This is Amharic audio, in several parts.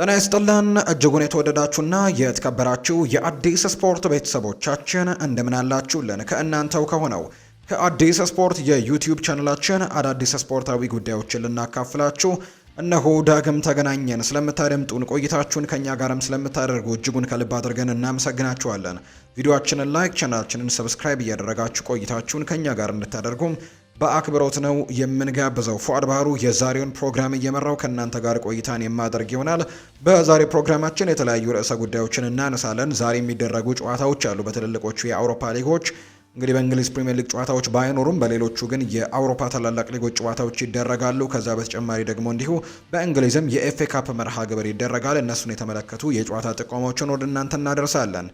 ጤና ይስጥልን እጅጉን የተወደዳችሁና የተከበራችሁ የአዲስ ስፖርት ቤተሰቦቻችን እንደምን አላችሁልን? ከእናንተው ከሆነው ከአዲስ ስፖርት የዩቲዩብ ቻነላችን አዳዲስ ስፖርታዊ ጉዳዮችን ልናካፍላችሁ እነሆ ዳግም ተገናኘን። ስለምታደምጡን ቆይታችሁን ከእኛ ጋርም ስለምታደርጉ እጅጉን ከልብ አድርገን እናመሰግናችኋለን። ቪዲዮችንን ላይክ፣ ቻናላችንን ሰብስክራይብ እያደረጋችሁ ቆይታችሁን ከእኛ ጋር እንድታደርጉም በአክብሮት ነው የምንጋብዘው። ፏድ ባህሩ የዛሬውን ፕሮግራም እየመራው ከእናንተ ጋር ቆይታን የማደርግ ይሆናል። በዛሬ ፕሮግራማችን የተለያዩ ርዕሰ ጉዳዮችን እናነሳለን። ዛሬ የሚደረጉ ጨዋታዎች አሉ በትልልቆቹ የአውሮፓ ሊጎች እንግዲህ በእንግሊዝ ፕሪምየር ሊግ ጨዋታዎች ባይኖሩም በሌሎቹ ግን የአውሮፓ ታላላቅ ሊጎች ጨዋታዎች ይደረጋሉ። ከዛ በተጨማሪ ደግሞ እንዲሁ በእንግሊዝም የኤፍኤ ካፕ መርሃ ግብር ይደረጋል። እነሱን የተመለከቱ የጨዋታ ጥቆማዎችን ወደ እናንተ እናደርሳለን።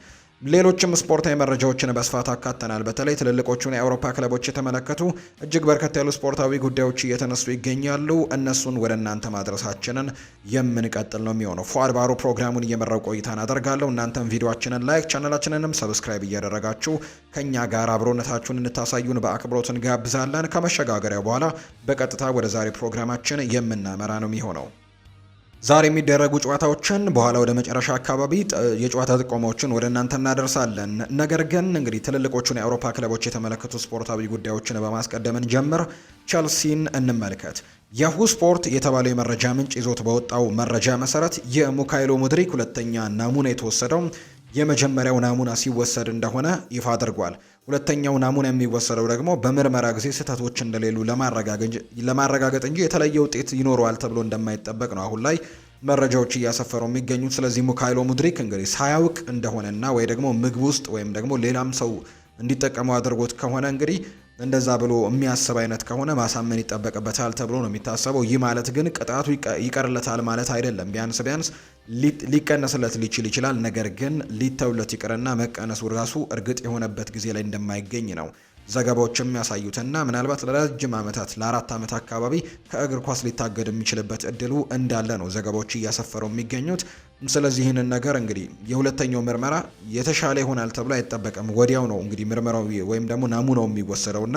ሌሎችም ስፖርታዊ መረጃዎችን በስፋት አካተናል። በተለይ ትልልቆቹን የአውሮፓ ክለቦች የተመለከቱ እጅግ በርከት ያሉ ስፖርታዊ ጉዳዮች እየተነሱ ይገኛሉ። እነሱን ወደ እናንተ ማድረሳችንን የምንቀጥል ነው የሚሆነው። ፏአድባሩ ፕሮግራሙን እየመራው ቆይታን አደርጋለሁ። እናንተም ቪዲዮችንን ላይክ፣ ቻናላችንንም ሰብስክራይብ እያደረጋችሁ ከእኛ ጋር አብሮነታችሁን እንታሳዩን በአክብሮት እንጋብዛለን። ከመሸጋገሪያ በኋላ በቀጥታ ወደ ዛሬ ፕሮግራማችን የምናመራ ነው የሚሆነው። ዛሬ የሚደረጉ ጨዋታዎችን በኋላ ወደ መጨረሻ አካባቢ የጨዋታ ጥቆማዎችን ወደ እናንተ እናደርሳለን። ነገር ግን እንግዲህ ትልልቆቹን የአውሮፓ ክለቦች የተመለከቱ ስፖርታዊ ጉዳዮችን በማስቀደምን ጀምር ቸልሲን እንመልከት። ያሁ ስፖርት የተባለው የመረጃ ምንጭ ይዞት በወጣው መረጃ መሰረት የሙካይሎ ሙድሪክ ሁለተኛ ናሙና የተወሰደው የመጀመሪያው ናሙና ሲወሰድ እንደሆነ ይፋ አድርጓል። ሁለተኛው ናሙና የሚወሰደው ደግሞ በምርመራ ጊዜ ስህተቶች እንደሌሉ ለማረጋገጥ እንጂ የተለየ ውጤት ይኖረዋል ተብሎ እንደማይጠበቅ ነው አሁን ላይ መረጃዎች እያሰፈሩ የሚገኙት። ስለዚህ ሙካይሎ ሙድሪክ እንግዲህ ሳያውቅ እንደሆነና ወይ ደግሞ ምግብ ውስጥ ወይም ደግሞ ሌላም ሰው እንዲጠቀመው አድርጎት ከሆነ እንግዲህ እንደዛ ብሎ የሚያስብ አይነት ከሆነ ማሳመን ይጠበቅበታል ተብሎ ነው የሚታሰበው። ይህ ማለት ግን ቅጣቱ ይቀርለታል ማለት አይደለም። ቢያንስ ቢያንስ ሊቀነስለት ሊችል ይችላል። ነገር ግን ሊተውለት ይቅርና መቀነሱ ራሱ እርግጥ የሆነበት ጊዜ ላይ እንደማይገኝ ነው ዘገባዎች የሚያሳዩትና ምናልባት ለረጅም ዓመታት ለአራት ዓመት አካባቢ ከእግር ኳስ ሊታገድ የሚችልበት እድሉ እንዳለ ነው ዘገባዎች እያሰፈረው የሚገኙት። ስለዚህ ይህንን ነገር እንግዲህ የሁለተኛው ምርመራ የተሻለ ይሆናል ተብሎ አይጠበቅም። ወዲያው ነው እንግዲህ ምርመራው ወይም ደግሞ ናሙናው የሚወሰደውና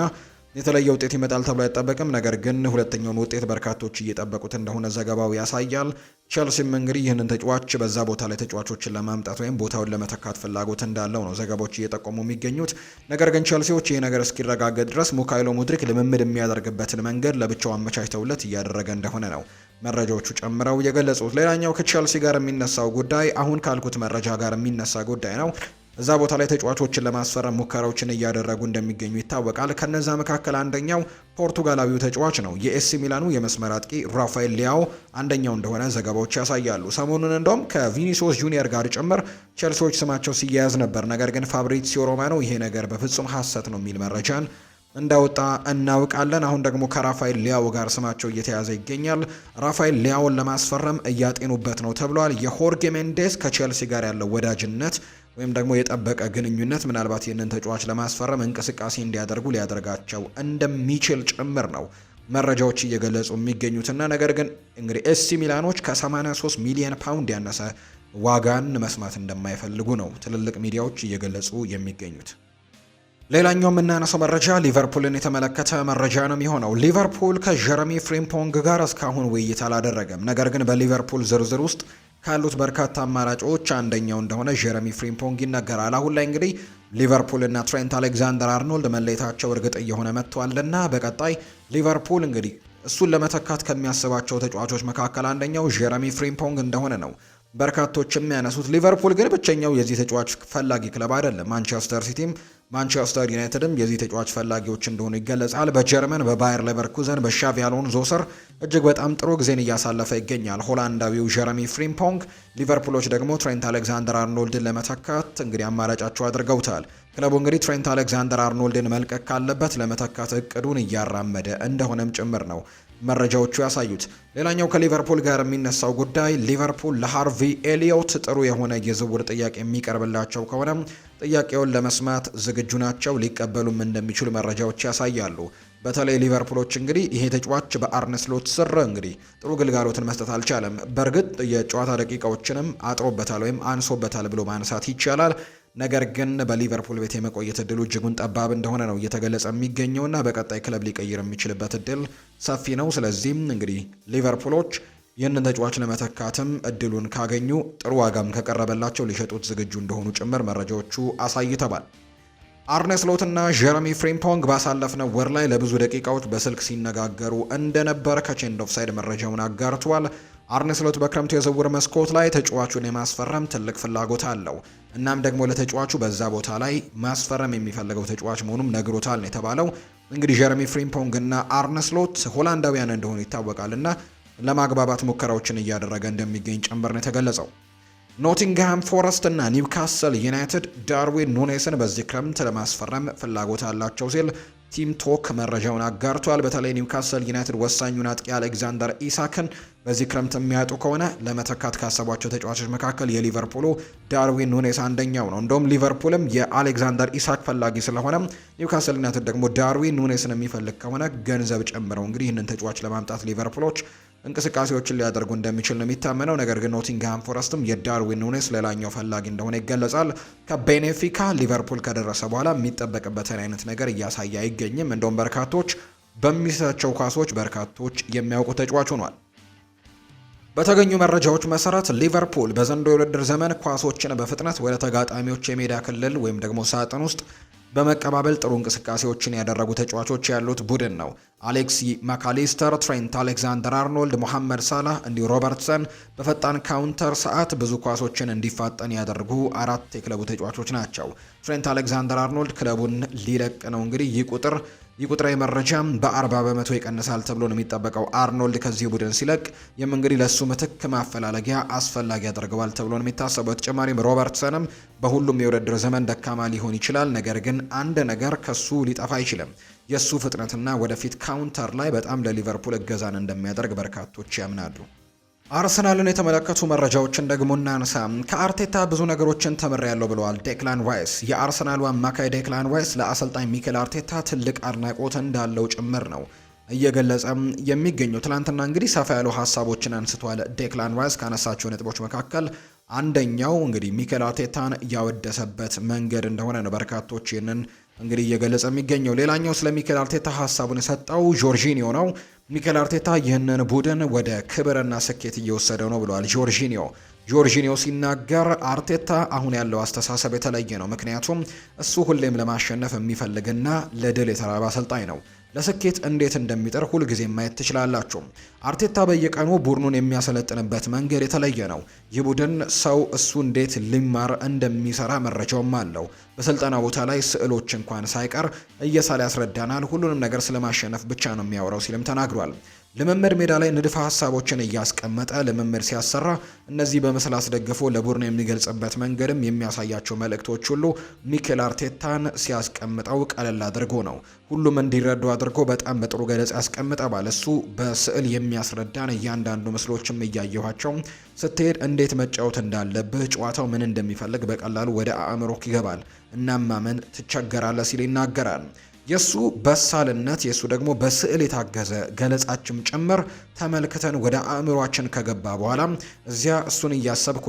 የተለየ ውጤት ይመጣል ተብሎ አይጠበቅም። ነገር ግን ሁለተኛውን ውጤት በርካቶች እየጠበቁት እንደሆነ ዘገባው ያሳያል። ቸልሲም እንግዲህ ይህንን ተጫዋች በዛ ቦታ ላይ ተጫዋቾችን ለማምጣት ወይም ቦታውን ለመተካት ፍላጎት እንዳለው ነው ዘገባዎች እየጠቆሙ የሚገኙት። ነገር ግን ቸልሲዎች ይህ ነገር እስኪረጋገጥ ድረስ ሙካይሎ ሙድሪክ ልምምድ የሚያደርግበትን መንገድ ለብቻው አመቻችተውለት እያደረገ እንደሆነ ነው መረጃዎቹ ጨምረው የገለጹት። ሌላኛው ከቸልሲ ጋር የሚነሳው ጉዳይ አሁን ካልኩት መረጃ ጋር የሚነሳ ጉዳይ ነው። እዛ ቦታ ላይ ተጫዋቾችን ለማስፈረም ሙከራዎችን እያደረጉ እንደሚገኙ ይታወቃል። ከነዛ መካከል አንደኛው ፖርቱጋላዊው ተጫዋች ነው። የኤሲ ሚላኑ የመስመር አጥቂ ራፋኤል ሊያው አንደኛው እንደሆነ ዘገባዎች ያሳያሉ። ሰሞኑን እንደውም ከቪኒሲዮስ ጁኒየር ጋር ጭምር ቼልሲዎች ስማቸው ሲያያዝ ነበር። ነገር ግን ፋብሪዚዮ ሮማኖ ይሄ ነገር በፍጹም ሐሰት ነው የሚል መረጃን እንዳወጣ እናውቃለን። አሁን ደግሞ ከራፋኤል ሊያው ጋር ስማቸው እየተያዘ ይገኛል። ራፋኤል ሊያውን ለማስፈረም እያጤኑበት ነው ተብሏል። የሆርጌ ሜንዴስ ከቼልሲ ጋር ያለው ወዳጅነት ወይም ደግሞ የጠበቀ ግንኙነት ምናልባት ይህንን ተጫዋች ለማስፈረም እንቅስቃሴ እንዲያደርጉ ሊያደርጋቸው እንደሚችል ጭምር ነው መረጃዎች እየገለጹ የሚገኙትና ነገር ግን እንግዲህ ኤሲ ሚላኖች ከ83 ሚሊዮን ፓውንድ ያነሰ ዋጋን መስማት እንደማይፈልጉ ነው ትልልቅ ሚዲያዎች እየገለጹ የሚገኙት። ሌላኛው የምናነሰው መረጃ ሊቨርፑልን የተመለከተ መረጃ ነው የሚሆነው። ሊቨርፑል ከጀረሚ ፍሪምፖንግ ጋር እስካሁን ውይይት አላደረገም። ነገር ግን በሊቨርፑል ዝርዝር ውስጥ ካሉት በርካታ አማራጮች አንደኛው እንደሆነ ጀረሚ ፍሪምፖንግ ይነገራል። አሁን ላይ እንግዲህ ሊቨርፑል እና ትሬንት አሌክዛንደር አርኖልድ መለየታቸው እርግጥ እየሆነ መጥቷልና በቀጣይ ሊቨርፑል እንግዲህ እሱን ለመተካት ከሚያስባቸው ተጫዋቾች መካከል አንደኛው ጀረሚ ፍሪምፖንግ እንደሆነ ነው በርካቶች የሚያነሱት። ሊቨርፑል ግን ብቸኛው የዚህ ተጫዋች ፈላጊ ክለብ አይደለም። ማንቸስተር ሲቲም ማንቸስተር ዩናይትድም የዚህ ተጫዋች ፈላጊዎች እንደሆኑ ይገለጻል። በጀርመን በባየር ሌቨርኩዘን በሻቪ አሎንዞ ስር እጅግ በጣም ጥሩ ጊዜን እያሳለፈ ይገኛል። ሆላንዳዊው ጀረሚ ፍሪምፖንግ፣ ሊቨርፑሎች ደግሞ ትሬንት አሌክዛንደር አርኖልድን ለመተካት እንግዲህ አማራጫቸው አድርገውታል። ክለቡ እንግዲህ ትሬንት አሌክዛንደር አርኖልድን መልቀቅ ካለበት ለመተካት እቅዱን እያራመደ እንደሆነም ጭምር ነው መረጃዎቹ ያሳዩት። ሌላኛው ከሊቨርፑል ጋር የሚነሳው ጉዳይ ሊቨርፑል ለሃርቪ ኤሊዮት ጥሩ የሆነ የዝውውር ጥያቄ የሚቀርብላቸው ከሆነ ጥያቄውን ለመስማት ዝግጁ ናቸው፣ ሊቀበሉም እንደሚችሉ መረጃዎች ያሳያሉ። በተለይ ሊቨርፑሎች እንግዲህ ይሄ ተጫዋች በአርነስሎት ስር እንግዲህ ጥሩ ግልጋሎትን መስጠት አልቻለም። በእርግጥ የጨዋታ ደቂቃዎችንም አጥሮበታል ወይም አንሶበታል ብሎ ማንሳት ይቻላል። ነገር ግን በሊቨርፑል ቤት የመቆየት እድሉ እጅጉን ጠባብ እንደሆነ ነው እየተገለጸ የሚገኘውና በቀጣይ ክለብ ሊቀይር የሚችልበት እድል ሰፊ ነው። ስለዚህም እንግዲህ ሊቨርፑሎች ይህንን ተጫዋች ለመተካትም እድሉን ካገኙ ጥሩ ዋጋም ከቀረበላቸው ሊሸጡት ዝግጁ እንደሆኑ ጭምር መረጃዎቹ አሳይተዋል። አርነ ስሎትና ጀረሚ ፍሪምፖንግ ባሳለፍነው ወር ላይ ለብዙ ደቂቃዎች በስልክ ሲነጋገሩ እንደነበር ከቼንድ ኦፍ ሳይድ መረጃውን አጋርተዋል። አርነ ስሎት በክረምቱ የዝውውር መስኮት ላይ ተጫዋቹን የማስፈረም ትልቅ ፍላጎት አለው። እናም ደግሞ ለተጫዋቹ በዛ ቦታ ላይ ማስፈረም የሚፈልገው ተጫዋች መሆኑም ነግሮታል ነው የተባለው። እንግዲህ ጀረሚ ፍሪምፖንግ እና አርነ ሎት ሆላንዳውያን እንደሆኑ ይታወቃል እና ለማግባባት ሙከራዎችን እያደረገ እንደሚገኝ ጭምር ነው የተገለጸው። ኖቲንግሃም ፎረስት እና ኒውካስል ዩናይትድ ዳርዊን ኑኔስን በዚህ ክረምት ለማስፈረም ፍላጎት አላቸው ሲል ቲም ቶክ መረጃውን አጋርቷል። በተለይ ኒውካስል ዩናይትድ ወሳኙን አጥቂ አሌክዛንደር ኢሳክን በዚህ ክረምት የሚያጡ ከሆነ ለመተካት ካሰቧቸው ተጫዋቾች መካከል የሊቨርፑሉ ዳርዊን ኑኔስ አንደኛው ነው። እንደውም ሊቨርፑልም የአሌክዛንደር ኢሳክ ፈላጊ ስለሆነ ኒውካስል ዩናይትድ ደግሞ ዳርዊን ኑኔስን የሚፈልግ ከሆነ ገንዘብ ጨምረው እንግዲህ ይህንን ተጫዋች ለማምጣት ሊቨርፑሎች እንቅስቃሴዎችን ሊያደርጉ እንደሚችል ነው የሚታመነው። ነገር ግን ኖቲንግሃም ፎረስትም የዳርዊን ኑኔስ ሌላኛው ፈላጊ እንደሆነ ይገለጻል። ከቤኔፊካ ሊቨርፑል ከደረሰ በኋላ የሚጠበቅበትን አይነት ነገር እያሳየ አይገኝም። እንደውም በርካቶች በሚሰጣቸው ኳሶች በርካቶች የሚያውቁ ተጫዋች ሆኗል። በተገኙ መረጃዎች መሰረት ሊቨርፑል በዘንድሮው የውድድር ዘመን ኳሶችን በፍጥነት ወደ ተጋጣሚዎች የሜዳ ክልል ወይም ደግሞ ሳጥን ውስጥ በመቀባበል ጥሩ እንቅስቃሴዎችን ያደረጉ ተጫዋቾች ያሉት ቡድን ነው። አሌክሲ ማካሊስተር፣ ትሬንት አሌክዛንደር አርኖልድ፣ ሞሐመድ ሳላህ እንዲሁ ሮበርትሰን በፈጣን ካውንተር ሰዓት ብዙ ኳሶችን እንዲፋጠን ያደርጉ አራት የክለቡ ተጫዋቾች ናቸው። ትሬንት አሌክዛንደር አርኖልድ ክለቡን ሊለቅ ነው። እንግዲህ ይህ ቁጥር የቁጥራዊ መረጃም በ40 በመቶ ይቀንሳል ተብሎ ነው የሚጠበቀው። አርኖልድ ከዚህ ቡድን ሲለቅ ይህም እንግዲህ ለእሱ ምትክ ማፈላለጊያ አስፈላጊ ያደርገዋል ተብሎ ነው የሚታሰበው። በተጨማሪም ሮበርትሰንም በሁሉም የውድድር ዘመን ደካማ ሊሆን ይችላል፣ ነገር ግን አንድ ነገር ከሱ ሊጠፋ አይችልም። የእሱ ፍጥነትና ወደፊት ካውንተር ላይ በጣም ለሊቨርፑል እገዛን እንደሚያደርግ በርካቶች ያምናሉ። አርሰናልን የተመለከቱ መረጃዎችን ደግሞ እናንሳ። ከአርቴታ ብዙ ነገሮችን ተምሬያለሁ ብለዋል ዴክላን ራይስ። የአርሰናሉ አማካይ ዴክላን ራይስ ለአሰልጣኝ ሚኬል አርቴታ ትልቅ አድናቆት እንዳለው ጭምር ነው እየገለጸ የሚገኘው። ትናንትና እንግዲህ ሰፋ ያሉ ሀሳቦችን አንስቷል ዴክላን ራይስ። ካነሳቸው ነጥቦች መካከል አንደኛው እንግዲህ ሚኬል አርቴታን ያወደሰበት መንገድ እንደሆነ ነው። በርካቶች ይህንን እንግዲህ እየገለጸ የሚገኘው ሌላኛው ስለ ሚኬል አርቴታ ሀሳቡን የሰጠው ጆርጂኒዮ ነው። ሚኬል አርቴታ ይህንን ቡድን ወደ ክብርና ስኬት እየወሰደው ነው ብለዋል ጆርጂኒዮ። ጆርጂኒዮ ሲናገር አርቴታ አሁን ያለው አስተሳሰብ የተለየ ነው፣ ምክንያቱም እሱ ሁሌም ለማሸነፍ የሚፈልግና ለድል የተራበ አሰልጣኝ ነው። ለስኬት እንዴት እንደሚጥር ሁልጊዜ ማየት ትችላላችሁ። አርቴታ በየቀኑ ቡድኑን የሚያሰለጥንበት መንገድ የተለየ ነው። ይህ ቡድን ሰው እሱ እንዴት ሊማር እንደሚሰራ መረጃውም አለው። በስልጠና ቦታ ላይ ስዕሎች እንኳን ሳይቀር እየሳለ ያስረዳናል። ሁሉንም ነገር ስለማሸነፍ ብቻ ነው የሚያወራው ሲልም ተናግሯል። ልምምድ ሜዳ ላይ ንድፈ ሀሳቦችን እያስቀመጠ ልምምድ ሲያሰራ እነዚህ በምስል አስደግፎ ለቡድን የሚገልጽበት መንገድም የሚያሳያቸው መልእክቶች ሁሉ ሚኬል አርቴታን ሲያስቀምጠው ቀለል አድርጎ ነው። ሁሉም እንዲረዱ አድርጎ በጣም በጥሩ ገለጽ ያስቀምጠባል። እሱ በስዕል የሚያስረዳን እያንዳንዱ ምስሎችም እያየኋቸው ስትሄድ እንዴት መጫወት እንዳለብህ፣ ጨዋታው ምን እንደሚፈልግ በቀላሉ ወደ አእምሮክ ይገባል። እናማመን ትቸገራለ ሲል ይናገራል። የእሱ በሳልነት የእሱ ደግሞ በስዕል የታገዘ ገለጻችም ጭምር ተመልክተን ወደ አእምሯችን ከገባ በኋላ እዚያ እሱን እያሰብክ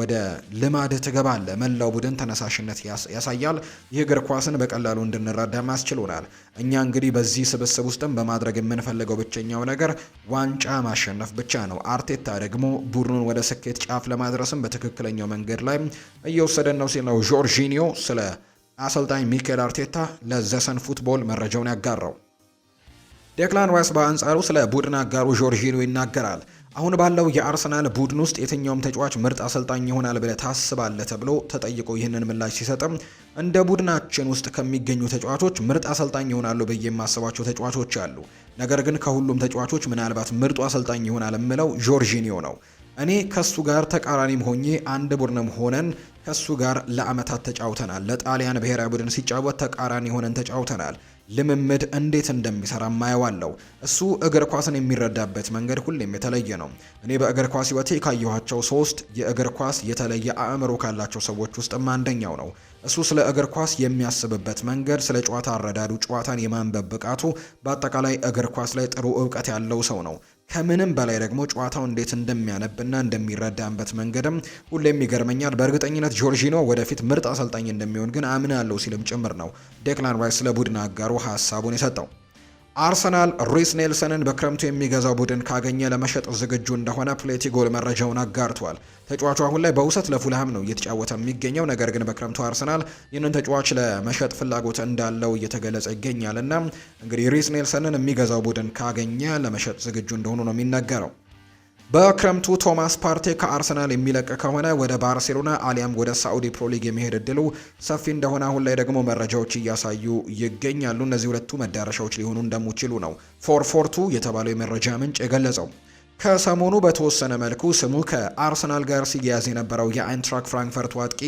ወደ ልማድ ትገባለ። መላው ቡድን ተነሳሽነት ያሳያል። ይህ እግር ኳስን በቀላሉ እንድንረዳም ያስችሉናል። እኛ እንግዲህ በዚህ ስብስብ ውስጥም በማድረግ የምንፈልገው ብቸኛው ነገር ዋንጫ ማሸነፍ ብቻ ነው። አርቴታ ደግሞ ቡድኑን ወደ ስኬት ጫፍ ለማድረስም በትክክለኛው መንገድ ላይ እየወሰደን ነው ሲል ነው ጆርጂኒዮ ስለ አሰልጣኝ ሚኬል አርቴታ ለዘሰን ፉትቦል መረጃውን ያጋራው። ዴክላን ራይስ በአንጻሩ ስለ ቡድን አጋሩ ጆርጂኖ ይናገራል። አሁን ባለው የአርሰናል ቡድን ውስጥ የትኛውም ተጫዋች ምርጥ አሰልጣኝ ይሆናል ብለ ታስባለ ተብሎ ተጠይቆ ይህንን ምላሽ ሲሰጥም እንደ ቡድናችን ውስጥ ከሚገኙ ተጫዋቾች ምርጥ አሰልጣኝ ይሆናሉ ብዬ የማስባቸው ተጫዋቾች አሉ። ነገር ግን ከሁሉም ተጫዋቾች ምናልባት ምርጡ አሰልጣኝ ይሆናል የምለው ጆርጂኒዮ ነው። እኔ ከሱ ጋር ተቃራኒም ሆኜ አንድ ቡድንም ሆነን ከሱ ጋር ለአመታት ተጫውተናል። ለጣሊያን ብሔራዊ ቡድን ሲጫወት ተቃራኒ ሆነን ተጫውተናል። ልምምድ እንዴት እንደሚሰራ ማየዋለው። እሱ እግር ኳስን የሚረዳበት መንገድ ሁሌም የተለየ ነው። እኔ በእግር ኳስ ህይወቴ ካየኋቸው ሶስት የእግር ኳስ የተለየ አእምሮ ካላቸው ሰዎች ውስጥም አንደኛው ነው። እሱ ስለ እግር ኳስ የሚያስብበት መንገድ፣ ስለ ጨዋታ አረዳዱ፣ ጨዋታን የማንበብ ብቃቱ፣ በአጠቃላይ እግር ኳስ ላይ ጥሩ እውቀት ያለው ሰው ነው። ከምንም በላይ ደግሞ ጨዋታው እንዴት እንደሚያነብና እንደሚረዳበት መንገድም ሁሌም ይገርመኛል። በእርግጠኝነት ጆርጂኖ ወደፊት ምርጥ አሰልጣኝ እንደሚሆን ግን አምናለሁ ሲልም ጭምር ነው ዴክላን ራይስ ለቡድን አጋሩ ሀሳቡን የሰጠው። አርሰናል ሪስ ኔልሰንን በክረምቱ የሚገዛው ቡድን ካገኘ ለመሸጥ ዝግጁ እንደሆነ ፕሌቲ ጎል መረጃውን አጋርቷል። ተጫዋቹ አሁን ላይ በውሰት ለፉልሃም ነው እየተጫወተ የሚገኘው። ነገር ግን በክረምቱ አርሰናል ይህንን ተጫዋች ለመሸጥ ፍላጎት እንዳለው እየተገለጸ ይገኛል እና እንግዲህ ሪስ ኔልሰንን የሚገዛው ቡድን ካገኘ ለመሸጥ ዝግጁ እንደሆኑ ነው የሚነገረው። በክረምቱ ቶማስ ፓርቴ ከአርሰናል የሚለቅ ከሆነ ወደ ባርሴሎና አሊያም ወደ ሳዑዲ ፕሮሊግ የመሄድ እድሉ ሰፊ እንደሆነ አሁን ላይ ደግሞ መረጃዎች እያሳዩ ይገኛሉ። እነዚህ ሁለቱ መዳረሻዎች ሊሆኑ እንደሚችሉ ነው ፎርፎርቱ የተባለው የመረጃ ምንጭ የገለጸው። ከሰሞኑ በተወሰነ መልኩ ስሙ ከአርሰናል ጋር ሲያያዝ የነበረው የአይንትራክ ፍራንክፈርት አጥቂ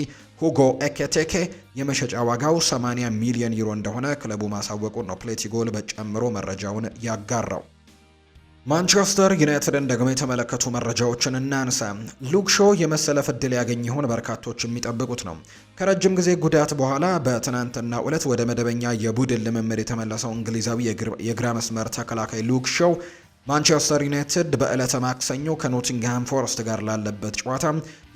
ሁጎ ኤኬቴኬ የመሸጫ ዋጋው 80 ሚሊዮን ዩሮ እንደሆነ ክለቡ ማሳወቁን ነው ፕሌቲጎል በጨምሮ መረጃውን ያጋራው። ማንቸስተር ዩናይትድን ደግሞ የተመለከቱ መረጃዎችን እናንሳ። ሉክ ሾ የመሰለፍ እድል ያገኝ ይሆን? በርካቶች የሚጠብቁት ነው። ከረጅም ጊዜ ጉዳት በኋላ በትናንትና ዕለት ወደ መደበኛ የቡድን ልምምድ የተመለሰው እንግሊዛዊ የግራ መስመር ተከላካይ ሉክ ሾው ማንቸስተር ዩናይትድ በዕለተ ማክሰኞ ከኖቲንግሃም ፎረስት ጋር ላለበት ጨዋታ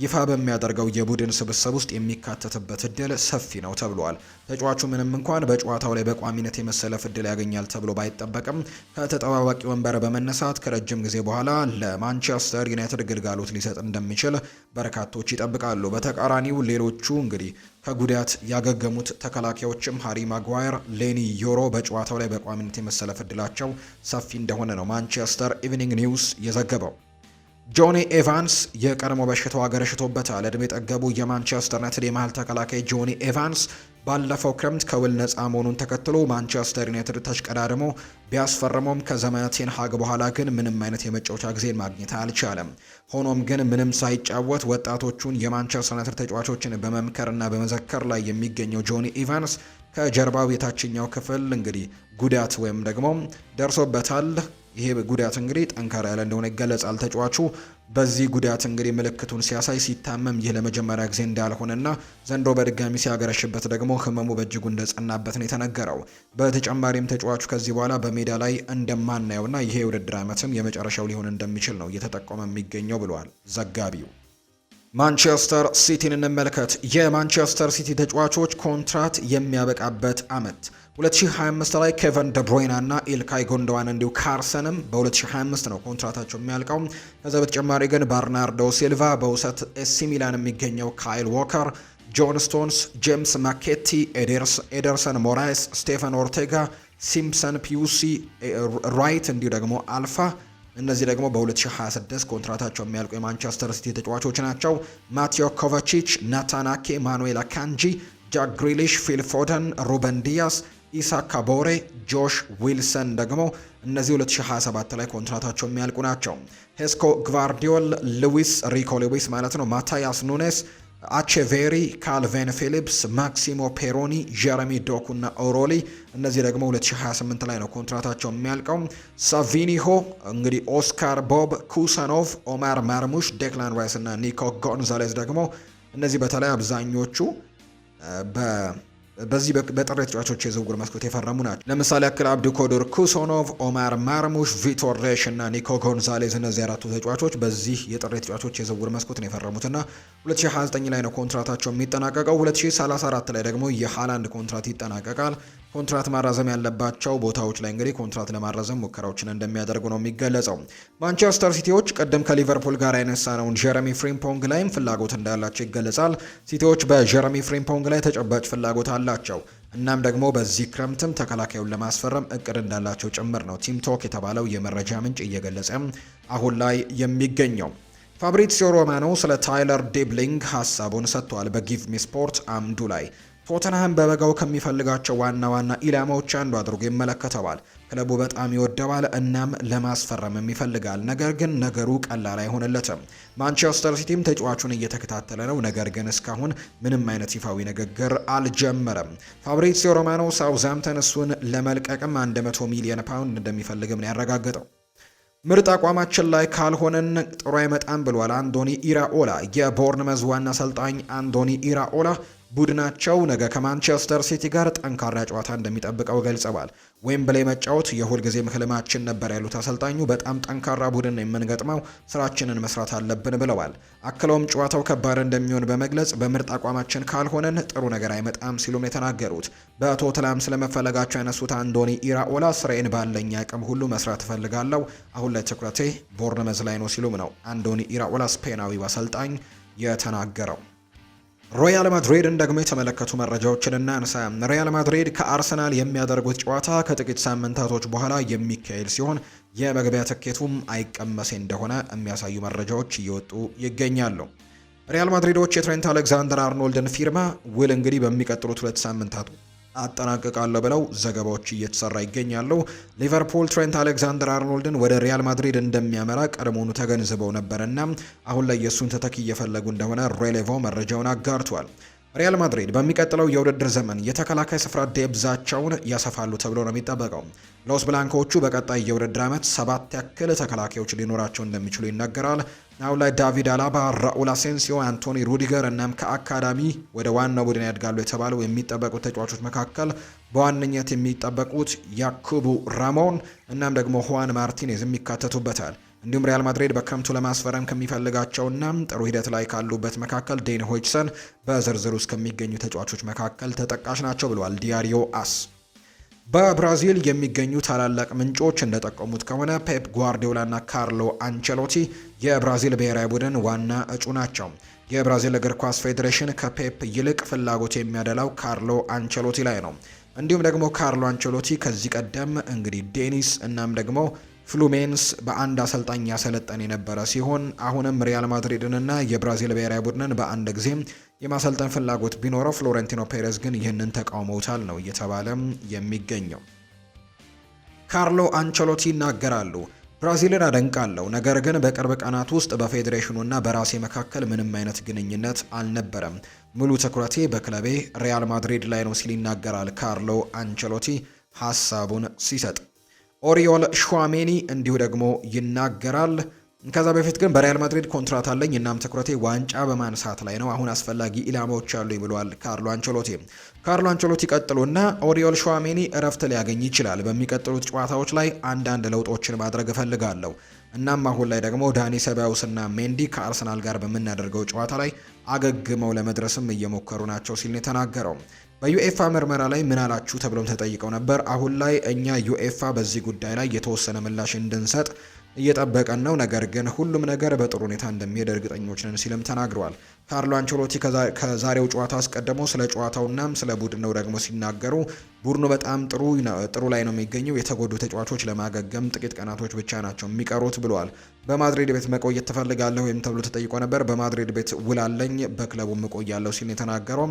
ይፋ በሚያደርገው የቡድን ስብስብ ውስጥ የሚካተትበት እድል ሰፊ ነው ተብሏል። ተጫዋቹ ምንም እንኳን በጨዋታው ላይ በቋሚነት የመሰለፍ እድል ያገኛል ተብሎ ባይጠበቅም ከተጠባባቂ ወንበር በመነሳት ከረጅም ጊዜ በኋላ ለማንቸስተር ዩናይትድ ግልጋሎት ሊሰጥ እንደሚችል በርካቶች ይጠብቃሉ። በተቃራኒው ሌሎቹ እንግዲህ ከጉዳት ያገገሙት ተከላካዮችም ሃሪ ማጓየር፣ ሌኒ ዮሮ በጨዋታው ላይ በቋሚነት የመሰለፍ እድላቸው ሰፊ እንደሆነ ነው ማንቸስተር ኢቭኒንግ ኒውስ የዘገበው። ጆኒ ኤቫንስ የቀድሞ በሽታው አገረሽቶበታል። እድሜ ጠገቡ የማንቸስተር ዩናይትድ የመሃል ተከላካይ ጆኒ ኤቫንስ ባለፈው ክረምት ከውል ነፃ መሆኑን ተከትሎ ማንቸስተር ዩናይትድ ተሽቀዳድሞ ቢያስፈርመውም ከዘመነ ቴንሃግ በኋላ ግን ምንም አይነት የመጫወቻ ጊዜን ማግኘት አልቻለም። ሆኖም ግን ምንም ሳይጫወት ወጣቶቹን የማንቸስተር ዩናይትድ ተጫዋቾችን በመምከርና በመዘከር ላይ የሚገኘው ጆኒ ኢቫንስ ከጀርባው የታችኛው ክፍል እንግዲህ ጉዳት ወይም ደግሞ ደርሶበታል። ይሄ ጉዳት እንግዲህ ጠንካራ ያለ እንደሆነ ይገለጻል። ተጫዋቹ በዚህ ጉዳት እንግዲህ ምልክቱን ሲያሳይ ሲታመም ይህ ለመጀመሪያ ጊዜ እንዳልሆነና ዘንድሮ በድጋሚ ሲያገረሽበት ደግሞ ህመሙ በእጅጉ እንደጸናበት ነው የተነገረው። በተጨማሪም ተጫዋቹ ከዚህ በኋላ በሜዳ ላይ እንደማናየውና ይሄ የውድድር ዓመትም የመጨረሻው ሊሆን እንደሚችል ነው እየተጠቆመ የሚገኘው ብሏል ዘጋቢው። ማንቸስተር ሲቲን እንመልከት። የማንቸስተር ሲቲ ተጫዋቾች ኮንትራት የሚያበቃበት ዓመት 2025 ላይ ኬቨን ደብሮይና እና ኢልካይ ጎንደዋን እንዲሁ ካርሰንም በ2025 ነው ኮንትራታቸው የሚያልቀው። ከዛ በተጨማሪ ግን በርናርዶ ሲልቫ በውሰት ኤሲ ሚላን የሚገኘው ካይል ዎከር፣ ጆን ስቶንስ፣ ጄምስ ማኬቲ፣ ኤደርሰን ሞራይስ፣ ስቴፈን ኦርቴጋ፣ ሲምፕሰን ፒዩሲ ራይት እንዲሁ ደግሞ አልፋ እነዚህ ደግሞ በ2026 ኮንትራታቸው የሚያልቁ የማንቸስተር ሲቲ ተጫዋቾች ናቸው። ማቴዮ ኮቫቺች፣ ናታናኬ፣ ማኑኤል አካንጂ፣ ጃክ ግሪሊሽ፣ ፊል ፎደን፣ ሩበን ዲያስ ኢሳካ ቦሬ፣ ጆሽ ዊልሰን ደግሞ እነዚህ 2027 ላይ ኮንትራታቸው የሚያልቁ ናቸው። ሄስኮ ግቫርዲዮል፣ ሉዊስ ሪኮ ሉዊስ ማለት ነው፣ ማታያስ ኑኔስ፣ አቼቬሪ፣ ካልቬን ፊሊፕስ፣ ማክሲሞ ፔሮኒ፣ ጀረሚ ዶኩ እና ኦሮሊ እነዚህ ደግሞ 2028 ላይ ነው ኮንትራታቸው የሚያልቀው። ሳቪኒሆ እንግዲህ ኦስካር ቦብ፣ ኩሰኖቭ፣ ኦማር ማርሙሽ፣ ዴክላን ራይስ እና ኒኮ ጎንዛሌዝ ደግሞ እነዚህ በተለይ አብዛኞቹ በ በዚህ በጥር ተጫዋቾች የዝውውር መስኮት የፈረሙ ናቸው። ለምሳሌ ያክል አብዱ ኮዶር ኩሶኖቭ፣ ኦማር ማርሙሽ፣ ቪቶር ሬሽ እና ኒኮ ጎንዛሌዝ እነዚህ አራቱ ተጫዋቾች በዚህ የጥር ተጫዋቾች የዝውውር መስኮት ነው የፈረሙት ና 2029 ላይ ነው ኮንትራታቸው የሚጠናቀቀው። 2034 ላይ ደግሞ የሃላንድ ኮንትራት ይጠናቀቃል። ኮንትራት ማራዘም ያለባቸው ቦታዎች ላይ እንግዲህ ኮንትራት ለማራዘም ሙከራዎችን እንደሚያደርጉ ነው የሚገለጸው። ማንቸስተር ሲቲዎች ቅድም ከሊቨርፑል ጋር ያነሳነውን ጀረሚ ፍሪምፖንግ ላይም ፍላጎት እንዳላቸው ይገለጻል። ሲቲዎች በጀረሚ ፍሪምፖንግ ላይ ተጨባጭ ፍላጎት አላ ናቸው። እናም ደግሞ በዚህ ክረምትም ተከላካዩን ለማስፈረም እቅድ እንዳላቸው ጭምር ነው ቲም ቶክ የተባለው የመረጃ ምንጭ እየገለጸ አሁን ላይ የሚገኘው። ፋብሪዚዮ ሮማኖ ስለ ታይለር ዲብሊንግ ሀሳቡን ሰጥቷል። በጊቭ ሚ ስፖርት አምዱ ላይ ቶተንሃም በበጋው ከሚፈልጋቸው ዋና ዋና ኢላማዎች አንዱ አድርጎ ይመለከተዋል። ክለቡ በጣም ይወደዋል፣ እናም ለማስፈረምም ይፈልጋል። ነገር ግን ነገሩ ቀላል አይሆንለትም። ማንቸስተር ሲቲም ተጫዋቹን እየተከታተለ ነው፣ ነገር ግን እስካሁን ምንም አይነት ይፋዊ ንግግር አልጀመረም። ፋብሪዚዮ ሮማኖ ሳውዛምተን እሱን ለመልቀቅም 100 ሚሊዮን ፓውንድ እንደሚፈልግም ነው ያረጋገጠው። ምርጥ አቋማችን ላይ ካልሆነን ጥሩ አይመጣም ብሏል አንዶኒ ኢራኦላ። የቦርንመዝ ዋና አሰልጣኝ አንዶኒ ኢራኦላ ቡድናቸው ነገ ከማንቸስተር ሲቲ ጋር ጠንካራ ጨዋታ እንደሚጠብቀው ገልጸዋል። ዌምብሌ መጫወት የሁልጊዜም ህልማችን ነበር ያሉት አሰልጣኙ በጣም ጠንካራ ቡድን የምንገጥመው ስራችንን መስራት አለብን ብለዋል። አክለውም ጨዋታው ከባድ እንደሚሆን በመግለጽ በምርጥ አቋማችን ካልሆነን ጥሩ ነገር አይመጣም ሲሉም የተናገሩት በቶትናም ስለመፈለጋቸው ያነሱት አንዶኒ ኢራኦላ ስራዬን ባለኝ አቅም ሁሉ መስራት እፈልጋለሁ። አሁን ላይ ትኩረቴ ቦርነመዝ ላይ ነው ሲሉም ነው አንዶኒ ኢራኦላ ስፔናዊው አሰልጣኝ የተናገረው። ሮያል ማድሪድን ደግሞ የተመለከቱ መረጃዎችን እናንሳ። ሮያል ማድሪድ ከአርሰናል የሚያደርጉት ጨዋታ ከጥቂት ሳምንታቶች በኋላ የሚካሄድ ሲሆን የመግቢያ ትኬቱም አይቀመሴ እንደሆነ የሚያሳዩ መረጃዎች እየወጡ ይገኛሉ። ሪያል ማድሪዶች የትሬንት አሌክዛንደር አርኖልድን ፊርማ ውል እንግዲህ በሚቀጥሉት ሁለት ሳምንታት አጠናቅቃለሁ ብለው ዘገባዎች እየተሰራ ይገኛሉ። ሊቨርፑል ትሬንት አሌክዛንደር አርኖልድን ወደ ሪያል ማድሪድ እንደሚያመራ ቀድሞውኑ ተገንዝበው ነበርና አሁን ላይ የእሱን ተተኪ እየፈለጉ እንደሆነ ሬሌቮ መረጃውን አጋርቷል። ሪያል ማድሪድ በሚቀጥለው የውድድር ዘመን የተከላካይ ስፍራ ዴብዛቸውን ያሰፋሉ ተብሎ ነው የሚጠበቀው። ሎስ ብላንኮቹ በቀጣይ የውድድር ዓመት ሰባት ያክል ተከላካዮች ሊኖራቸው እንደሚችሉ ይነገራል። አሁን ላይ ዳቪድ አላባ፣ ራኡል አሴንሲዮ፣ አንቶኒ ሩዲገር እናም ከአካዳሚ ወደ ዋናው ቡድን ያድጋሉ የተባሉ የሚጠበቁት ተጫዋቾች መካከል በዋነኝነት የሚጠበቁት ያኩቡ ራሞን እናም ደግሞ ሁዋን ማርቲኔዝ ይካተቱበታል። እንዲሁም ሪያል ማድሪድ በክረምቱ ለማስፈረም ከሚፈልጋቸውና ጥሩ ሂደት ላይ ካሉበት መካከል ዴን ሆችሰን በዝርዝር ውስጥ ከሚገኙ ተጫዋቾች መካከል ተጠቃሽ ናቸው ብለዋል ዲያሪዮ አስ። በብራዚል የሚገኙ ታላላቅ ምንጮች እንደጠቀሙት ከሆነ ፔፕ ጓርዲዮላና ካርሎ አንቸሎቲ የብራዚል ብሔራዊ ቡድን ዋና እጩ ናቸው። የብራዚል እግር ኳስ ፌዴሬሽን ከፔፕ ይልቅ ፍላጎት የሚያደላው ካርሎ አንቸሎቲ ላይ ነው። እንዲሁም ደግሞ ካርሎ አንቸሎቲ ከዚህ ቀደም እንግዲህ ዴኒስ እናም ደግሞ ፍሉሜንስ በአንድ አሰልጣኝ ያሰለጠን የነበረ ሲሆን አሁንም ሪያል ማድሪድንና የብራዚል ብሔራዊ ቡድንን በአንድ ጊዜ የማሰልጠን ፍላጎት ቢኖረው ፍሎሬንቲኖ ፔሬዝ ግን ይህንን ተቃውመውታል ነው እየተባለ የሚገኘው። ካርሎ አንቸሎቲ ይናገራሉ። ብራዚልን አደንቃለሁ፣ ነገር ግን በቅርብ ቀናት ውስጥ በፌዴሬሽኑና በራሴ መካከል ምንም አይነት ግንኙነት አልነበረም። ሙሉ ትኩረቴ በክለቤ ሪያል ማድሪድ ላይ ነው ሲል ይናገራል ካርሎ አንቸሎቲ ሀሳቡን ሲሰጥ ኦሪዮል ሹዋሜኒ እንዲሁ ደግሞ ይናገራል። ከዛ በፊት ግን በሪያል ማድሪድ ኮንትራት አለኝ እናም ትኩረቴ ዋንጫ በማንሳት ላይ ነው። አሁን አስፈላጊ ኢላማዎች አሉኝ ብሏል ካርሎ አንቸሎቲ። ካርሎ አንቸሎቲ ቀጥሎና ኦሪዮል ሸዋሜኒ እረፍት ሊያገኝ ይችላል። በሚቀጥሉት ጨዋታዎች ላይ አንዳንድ ለውጦችን ማድረግ እፈልጋለሁ። እናም አሁን ላይ ደግሞ ዳኒ ሰባውስና ሜንዲ ከአርሰናል ጋር በምናደርገው ጨዋታ ላይ አገግመው ለመድረስም እየሞከሩ ናቸው ሲል የተናገረው በዩኤፋ ምርመራ ላይ ምን አላችሁ ተብሎም ተጠይቀው ነበር። አሁን ላይ እኛ ዩኤፋ በዚህ ጉዳይ ላይ የተወሰነ ምላሽ እንድንሰጥ እየጠበቀን ነው፣ ነገር ግን ሁሉም ነገር በጥሩ ሁኔታ እንደሚሄድ እርግጠኞች ነን ሲልም ተናግረዋል። ካርሎ አንቸሎቲ ከዛሬው ጨዋታ አስቀድሞ ስለ ጨዋታውና ስለ ቡድኑ ደግሞ ሲናገሩ ቡድኑ በጣም ጥሩ ጥሩ ላይ ነው የሚገኘው። የተጎዱ ተጫዋቾች ለማገገም ጥቂት ቀናቶች ብቻ ናቸው የሚቀሩት ብለዋል። በማድሪድ ቤት መቆየት ትፈልጋለሁ ወይም ተብሎ ተጠይቆ ነበር። በማድሪድ ቤት ውላለኝ በክለቡ እቆያለሁ ሲል የተናገረው።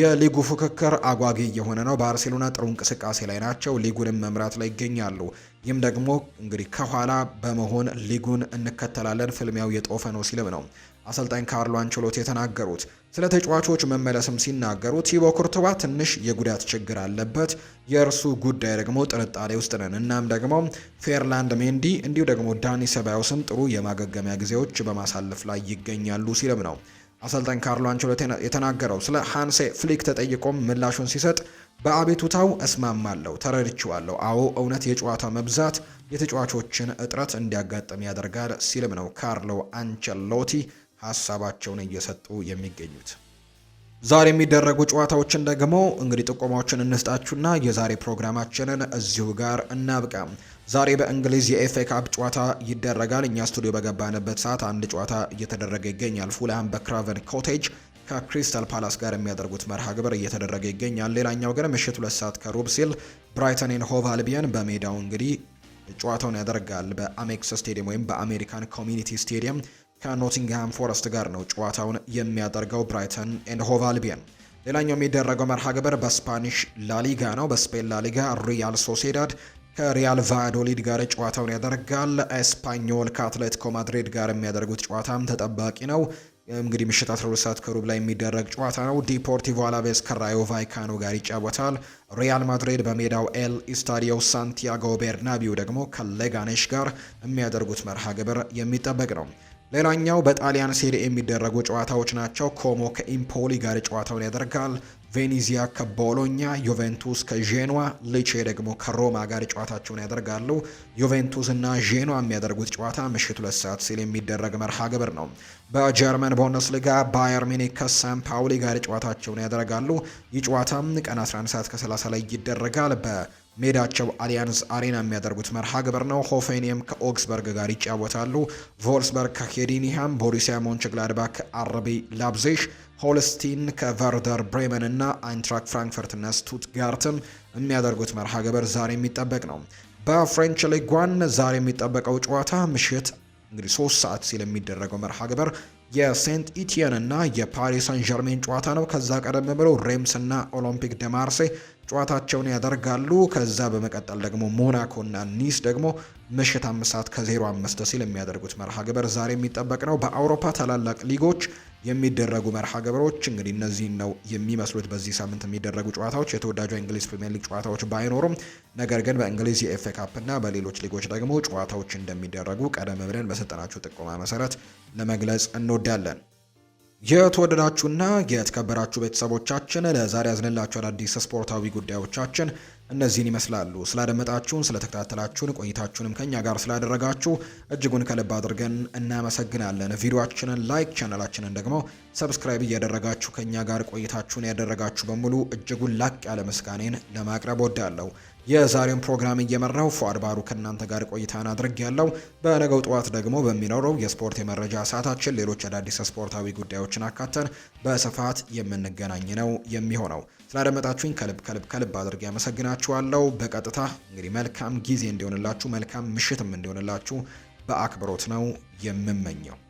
የሊጉ ፉክክር አጓጊ እየሆነ ነው። ባርሴሎና ጥሩ እንቅስቃሴ ላይ ናቸው። ሊጉንም መምራት ላይ ይገኛሉ። ይህም ደግሞ እንግዲህ ከኋላ በመሆን ሊጉን እንከተላለን፣ ፍልሚያው የጦፈ ነው ሲልም ነው አሰልጣኝ ካርሎ አንቸሎት የተናገሩት። ስለ ተጫዋቾች መመለስም ሲናገሩ ቲቦ ኩርቱባ ትንሽ የጉዳት ችግር አለበት፣ የእርሱ ጉዳይ ደግሞ ጥርጣሬ ውስጥ ነን። እናም ደግሞ ፌርላንድ ሜንዲ እንዲሁ ደግሞ ዳኒ ሰባዮስም ጥሩ የማገገሚያ ጊዜዎች በማሳለፍ ላይ ይገኛሉ ሲልም ነው አሰልጣኝ ካርሎ አንቸሎት የተናገረው። ስለ ሃንሴ ፍሊክ ተጠይቆም ምላሹን ሲሰጥ በአቤቱታው እስማማለሁ፣ ተረድችዋለሁ። አዎ እውነት የጨዋታ መብዛት የተጫዋቾችን እጥረት እንዲያጋጥም ያደርጋል ሲልም ነው ካርሎ አንቸሎቲ ሀሳባቸውን እየሰጡ የሚገኙት። ዛሬ የሚደረጉ ጨዋታዎችን ደግሞ እንግዲህ ጥቆማዎችን እንስጣችሁና የዛሬ ፕሮግራማችንን እዚሁ ጋር እናብቃ። ዛሬ በእንግሊዝ የኤፍኤ ካፕ ጨዋታ ይደረጋል። እኛ ስቱዲዮ በገባንበት ሰዓት አንድ ጨዋታ እየተደረገ ይገኛል። ፉልሃም በክራቨን ኮቴጅ ከክሪስታል ፓላስ ጋር የሚያደርጉት መርሃ ግብር እየተደረገ ይገኛል። ሌላኛው ግን ምሽት ሁለት ሰዓት ከሩብ ሲል ብራይተን ሆቭ አልቢየን በሜዳው እንግዲህ ጨዋታውን ያደርጋል በአሜክስ ስቴዲየም ወይም በአሜሪካን ኮሚኒቲ ስቴዲየም ከኖቲንግሃም ፎረስት ጋር ነው ጨዋታውን የሚያደርገው ብራይተን ኤንድ ሆቭ አልቢየን። ሌላኛው የሚደረገው መርሃ ግብር በስፓኒሽ ላሊጋ ነው። በስፔን ላሊጋ ሪያል ሶሴዳድ ከሪያል ቫያዶሊድ ጋር ጨዋታውን ያደርጋል። ኤስፓኞል ከአትሌቲኮ ማድሪድ ጋር የሚያደርጉት ጨዋታም ተጠባቂ ነው። እንግዲህ ምሽት 12 ሰዓት ከሩብ ላይ የሚደረግ ጨዋታ ነው። ዲፖርቲቮ አላቬስ ከራዮ ቫይካኖ ጋር ይጫወታል። ሪያል ማድሪድ በሜዳው ኤል ኢስታዲዮ ሳንቲያጎ ቤርናቢው ደግሞ ከሌጋኔሽ ጋር የሚያደርጉት መርሃ ግብር የሚጠበቅ ነው። ሌላኛው በጣሊያን ሴሪኤ የሚደረጉ ጨዋታዎች ናቸው። ኮሞ ከኢምፖሊ ጋር ጨዋታውን ያደርጋል። ቬኒዚያ ከቦሎኛ፣ ዩቬንቱስ ከዤኗ፣ ልቼ ደግሞ ከሮማ ጋር ጨዋታቸውን ያደርጋሉ። ዩቬንቱስ እና ዤኗ የሚያደርጉት ጨዋታ ምሽት ሁለት ሰዓት ሲል የሚደረግ መርሃ ግብር ነው። በጀርመን ቡንደስሊጋ ባየር ሚኒክ ከሳን ፓውሊ ጋር ጨዋታቸውን ያደርጋሉ። ይህ ጨዋታም ቀን 11 ሰዓት ከ30 ላይ ይደረጋል በ ሜዳቸው አሊያንስ አሬና የሚያደርጉት መርሃ ግብር ነው። ሆፌኒየም ከኦግስበርግ ጋር ይጫወታሉ። ቮልስበርግ ከኬዲኒሃም፣ ቦሪሲያ ሞንችግላድባ ከአርቢ ላብዜሽ፣ ሆልስቲን ከቨርደር ብሬመን እና አይንትራክ ፍራንክፈርት እና ስቱትጋርትም የሚያደርጉት መርሃ ግብር ዛሬ የሚጠበቅ ነው። በፍሬንች ዋን ዛሬ የሚጠበቀው ጨዋታ ምሽት እንግዲህ ሶስት ሰዓት ሲል የሚደረገው መርሃ ግብር የሴንት ኢቲየን እና የፓሪስ ሳን ዠርሜን ጨዋታ ነው። ከዛ ቀደም ብሎ ሬምስ እና ኦሎምፒክ ደ ማርሴ ጨዋታቸውን ያደርጋሉ። ከዛ በመቀጠል ደግሞ ሞናኮ እና ኒስ ደግሞ ምሽት አምስት ሰዓት ከዜሮ አምስት ሲል የሚያደርጉት መርሃ ግብር ዛሬ የሚጠበቅ ነው። በአውሮፓ ታላላቅ ሊጎች የሚደረጉ መርሃ ግብሮች እንግዲህ እነዚህን ነው የሚመስሉት። በዚህ ሳምንት የሚደረጉ ጨዋታዎች የተወዳጁ እንግሊዝ ፕሪሚየር ሊግ ጨዋታዎች ባይኖሩም ነገር ግን በእንግሊዝ የኤፍ ኤ ካፕ እና በሌሎች ሊጎች ደግሞ ጨዋታዎች እንደሚደረጉ ቀደም ብለን በሰጠናችሁ ጥቆማ መሰረት ለመግለጽ እንወዳለን። የተወደዳችሁና የተከበራችሁ ቤተሰቦቻችን ለዛሬ ያዝንላችሁ አዳዲስ ስፖርታዊ ጉዳዮቻችን እነዚህን ይመስላሉ። ስላደመጣችሁን፣ ስለተከታተላችሁን ቆይታችሁንም ከኛ ጋር ስላደረጋችሁ እጅጉን ከልብ አድርገን እናመሰግናለን። ቪዲዮችንን ላይክ፣ ቻናላችንን ደግሞ ሰብስክራይብ እያደረጋችሁ ከኛ ጋር ቆይታችሁን ያደረጋችሁ በሙሉ እጅጉን ላቅ ያለ ምስጋኔን ለማቅረብ ወዳለሁ። የዛሬውን ፕሮግራም እየመራው ፏድ ባሩ ከእናንተ ጋር ቆይታን አድርግ ያለው። በነገው ጠዋት ደግሞ በሚኖረው የስፖርት የመረጃ ሰዓታችን ሌሎች አዳዲስ ስፖርታዊ ጉዳዮችን አካተን በስፋት የምንገናኝ ነው የሚሆነው። ስላደመጣችሁኝ ከልብ ከልብ ከልብ አድርጌ አመሰግናችኋለሁ። በቀጥታ እንግዲህ መልካም ጊዜ እንዲሆንላችሁ፣ መልካም ምሽትም እንዲሆንላችሁ በአክብሮት ነው የምመኘው።